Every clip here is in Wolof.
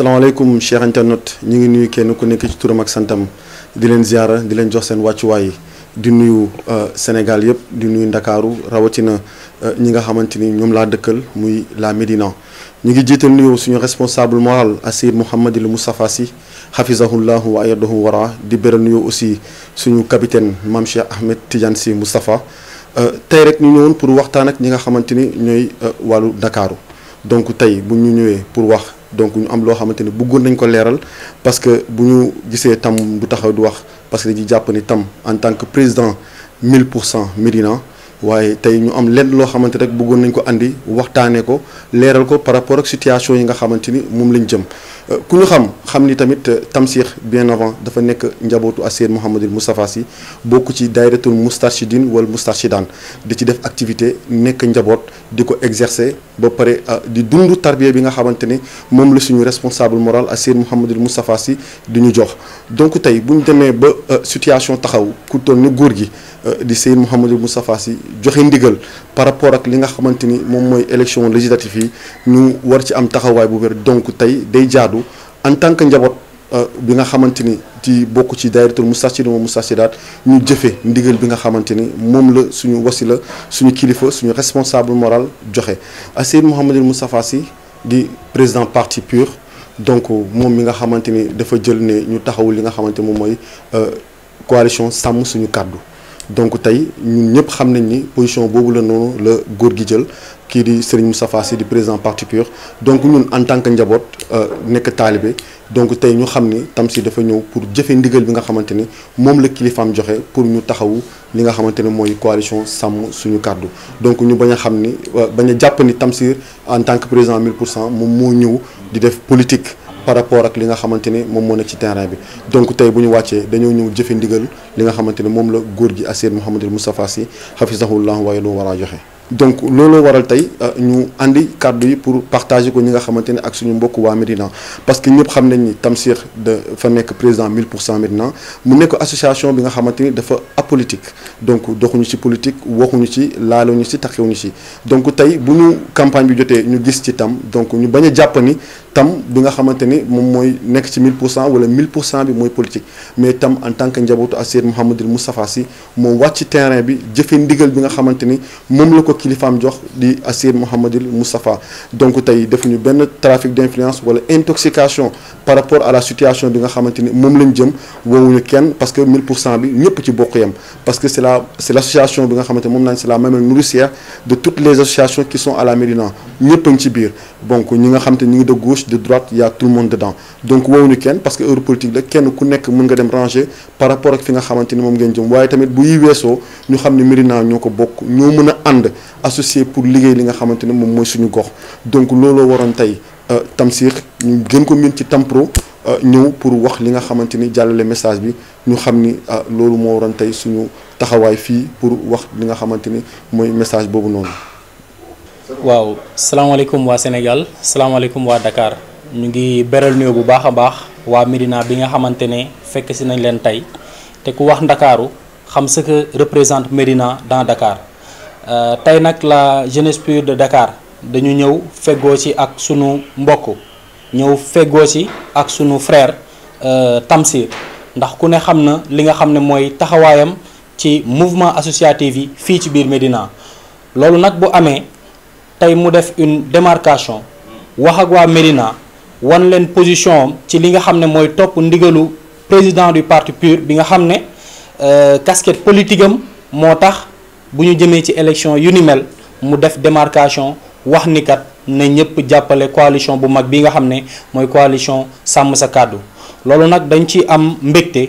salaamaaleykum cheikh internet ñu ngi nuyu kenn ku nekk ci turam ak santam di leen ziara di leen jox seen wàccuwaay di nuyu euh, Sénégal yëpp di nuyu ndakaaru rawatina euh, ñi nga xamante ni ñoom laa dëkkal muy la Médina ñu ngi jiital nuyu suñu responsable moral Assir Mouhamadil Moustapha Sy hafizahullahu wa ayadahu wara di beral nuyu aussi suñu capitaine Mame Cheikh Ahmed Tidiane Sy Moustapha euh, tey rek ñu ñëwoon pour waxtaan ak ñi nga xamante ni ñooy wàllu ndakaaru donc pour wax donc ñu am loo xamante ne bëggoon nañ ko leeral parce que bu ñu gisee tam bu taxaw du wax parce que dañuy jàpp ni tam en tant que président 1000 pour cent Médina waaye tey ñu am lenn loo xamante rek bëggoon nañ ko indi waxtaanee ko leeral ko par rapport ak situation yi nga xamante ni moom lañ jëm euh, ku ñu xam xam ni tamit euh, Tamsir bien avant dafa nekk njabootu ak Seydi Mouhamadul Moustapha Sy bokk ci daayratul Moustarchidine wala Moustarchidan di ci def activité nekk njaboot di ko exercer ba pare euh, di dund tarbiya bi nga xamante ni moom la suñu responsable moral ak Seydi Mouhamadul Moustapha si di ñu jox donc tey bu ñu demee ba situation taxaw ku toll góor gi di Seydi Mouhamadul Moustapha joxe ndigal par rapport ak li nga xamante ni moom mooy élection législative yi ñu war ci am taxawaay bu wér donc tey day jaadu en tant que njaboot euh, bi nga xamante ni ci bokk ci daayiratul Moustarchidina wal Moustarchidaat ñu jëfe ndigal bi nga xamante ni moom la suñu wasila suñu kilifa suñu responsable moral joxe Seyd Mouhamadul Moustapha Sy di président parti PUR donc moom mi nga xamante ni dafa jël ne ñu taxawul li nga xamante moom mooy euh, coalition sàmm suñu kàddu donc tey ñun ñëpp xam nañ ni position boobu la noonu la góor gi jël kii di Serigne Moustapha Sy di président parti donc ñun en tant que njaboot euh, nekk taalibe donc tey ñu xam ni Tamsir dafa ñëw pour jëfe ndigal bi nga xamante ni moom la kilifaam joxe pour ñu taxawu li nga xamante ne mooy coalition sàmm suñu kàddu donc ñu bañ a xam ni euh, bañ a jàpp ni Tamsir en tant que président 1000 pour cent moom moo ñëw di def politique par rapport ak li nga xamante ni moom moo nekk ci terrain bi donc tey bu ñu wàccee dañoo ñëw jëfe ndigal li nga xamante ni moom la góor gi Assir Mouhamadul Moustapha Sy hafisahullah waaye loo war a joxe donc looloo waral tey euh, ñu indi kàddu yi pour partager ko ñi nga xamante ne ak suñu mbokk waa Médina parce que ñëpp xam nañ ni Tamsir dafa nekk président 1000 pour cent Médina mu nekk association bi nga xamante ni dafa politique donc doxuñu ci politique waxuñu ci laaluñu ci taxewuñu ci donc tey bu ñu campagne bi jotee ñu gis ci tam donc ñu bañ a jàpp ni tam bi nga xamante ni moom mooy nekk ci 1000 pour cent wala 1000 pour cent bi mooy politique mais tam en tant que njabootu Assir Mouhamadul Moustapha Sy moo wàcc ci terrain bi jëfe ndigal bi nga ni moom la ko kilifaam jox di Assir Mouhamadul Moustapha donc tey defuñu benn trafic d'influence wala intoxication par rapport à la situation bi nga xamante ni moom lañ jëm woowuñu kenn parce que 1000 pour cent bi ñëpp ci bokk yam parce que c'est la c'est l'association bi nga xamante moom naan c'est la mamelle nourricière de toutes les associations qui sont à la Médina ñëpp ci biir donc ñi nga xamante ñi ngi de gauche de droite y a tout le monde dedans donc woowuñu kenn parce que heure politique la kenn ku nekk mën nga dem ranger par rapport ak fi nga xamante ni moom ngeen jëm waaye tamit bu yi weesoo ñu xam ne Médina ñoo ko bokk ñoo mën a ànd associé pour liggéey li nga xamante ne moom mooy suñu gox donc looloo waroon tey euh, Tamsir ñu gën ko miin ci Tampro Euh, ñëw pour wax li nga xamante ni jàllale message bi ñu xam ni euh, loolu moo waroon tey suñu taxawaay fii pour wax li nga xamante ni mooy message boobu noonu. waaw salaamaaleykum waa Sénégal salaamaaleykum waa Dakar ñu ngi beral nuyoo bu baax a baax waa Médina bi nga xamante ne fekk si nañ leen tey te ku wax Ndakaaru xam sa que représente Médina dans Dakar euh, tey nag la jeunesse pure de Dakar dañu ñëw feggoo ci ak suñu mbokk. ñëw feggoo si ak sunu frère euh, Tamsir ndax ku ne xam na li nga xam ne mooy taxawaayam ci mouvement associatif yi fii ci biir Médina loolu nag bu amee tey mu def une démarcation wax ak waa Médina wan leen position am ci li nga xam ne mooy topp ndigalu président du parti pure bi nga xam ne euh, casquette politique am moo tax bu ñu jëmee ci élection yu ni mel mu def démarcation wax ni kat. na ñëpp jàppale coalition bu mag bi nga xam ne mooy coalition sàmm sa kàddu loolu nag dañ ci am mbégte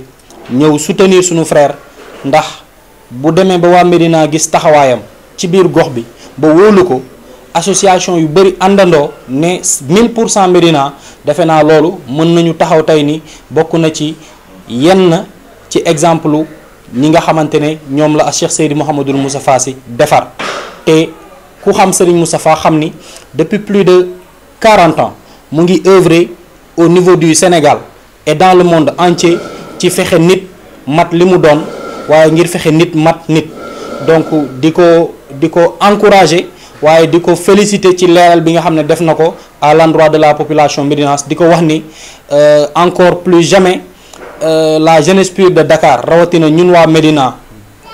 ñëw soutenir suñu frère ndax bu demee ba waa Médina gis taxawaayam ci biir gox bi ba wóolu ko association yu bëri àndandoo ne 1000 pour cent Médina defe naa loolu mën nañu taxaw tey ni bokk na ci yenn ci exemple ñi nga xamante ne ñoom la Cheikh Seydi Mouhamadul musa Fassi defar te ku xam Serigne Moustapha xam ni depuis plus de quarante ans mu ngi œuvrer au niveau du Sénégal et dans le monde entier ci fexe nit mat li mu doon waaye ngir fexe nit mat nit donc di ko di ko encourager waaye di ko féliciter ci leeral bi nga xam ne def na ko à l'endroit de la population médinoise di ko wax ni euh, encore plus jamais euh, la jeunesse pure de Dakar rawatina ñun waa Médina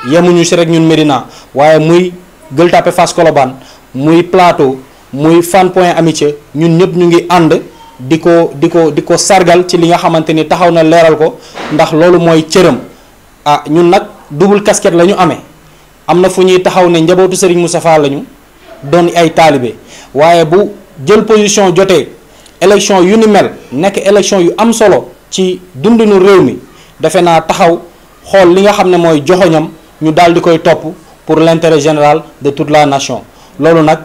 yemuñu si rek ñun Médina waaye muy Gueule Tapée Fass muy plateau muy Fann Point Amitié ñun ñëpp ñu ngi ànd di ko di ko di ko sargal ci li nga xamante ni taxaw na leeral ko ndax loolu mooy cëram ah ñun nag dubul casquette la ñu amee am na fu ñuy taxaw ne njabootu Serigne Moustapha lañu doon ay taalibe waaye bu jël position jotee élection yu ni mel nekk élection yu am solo ci dundinu réew mi defe naa taxaw xool li nga xam ne mooy joxoñam ñu daal di koy topp. pour l'intérêt général de tout la nation loolu nag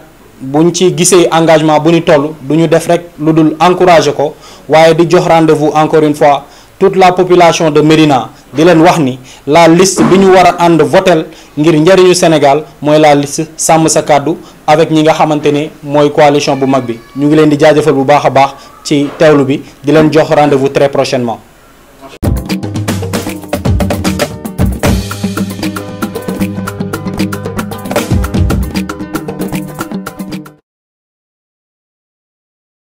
buñ ci gisee engagement bu ñu toll du ñu def rek lu dul encourager ko waaye di jox rendez-vous encore une fois tout la population de Médina di leen wax ni la liste bi ñu war ànd votel ngir njëriñu Sénégal mooy la liste sàmm sa kàddu avec ñi nga xamante ni mooy coalition bu mag bi ñu ngi leen di jaajëfal bu baax a baax ci teewlu bi di leen jox rendez-vous très prochainement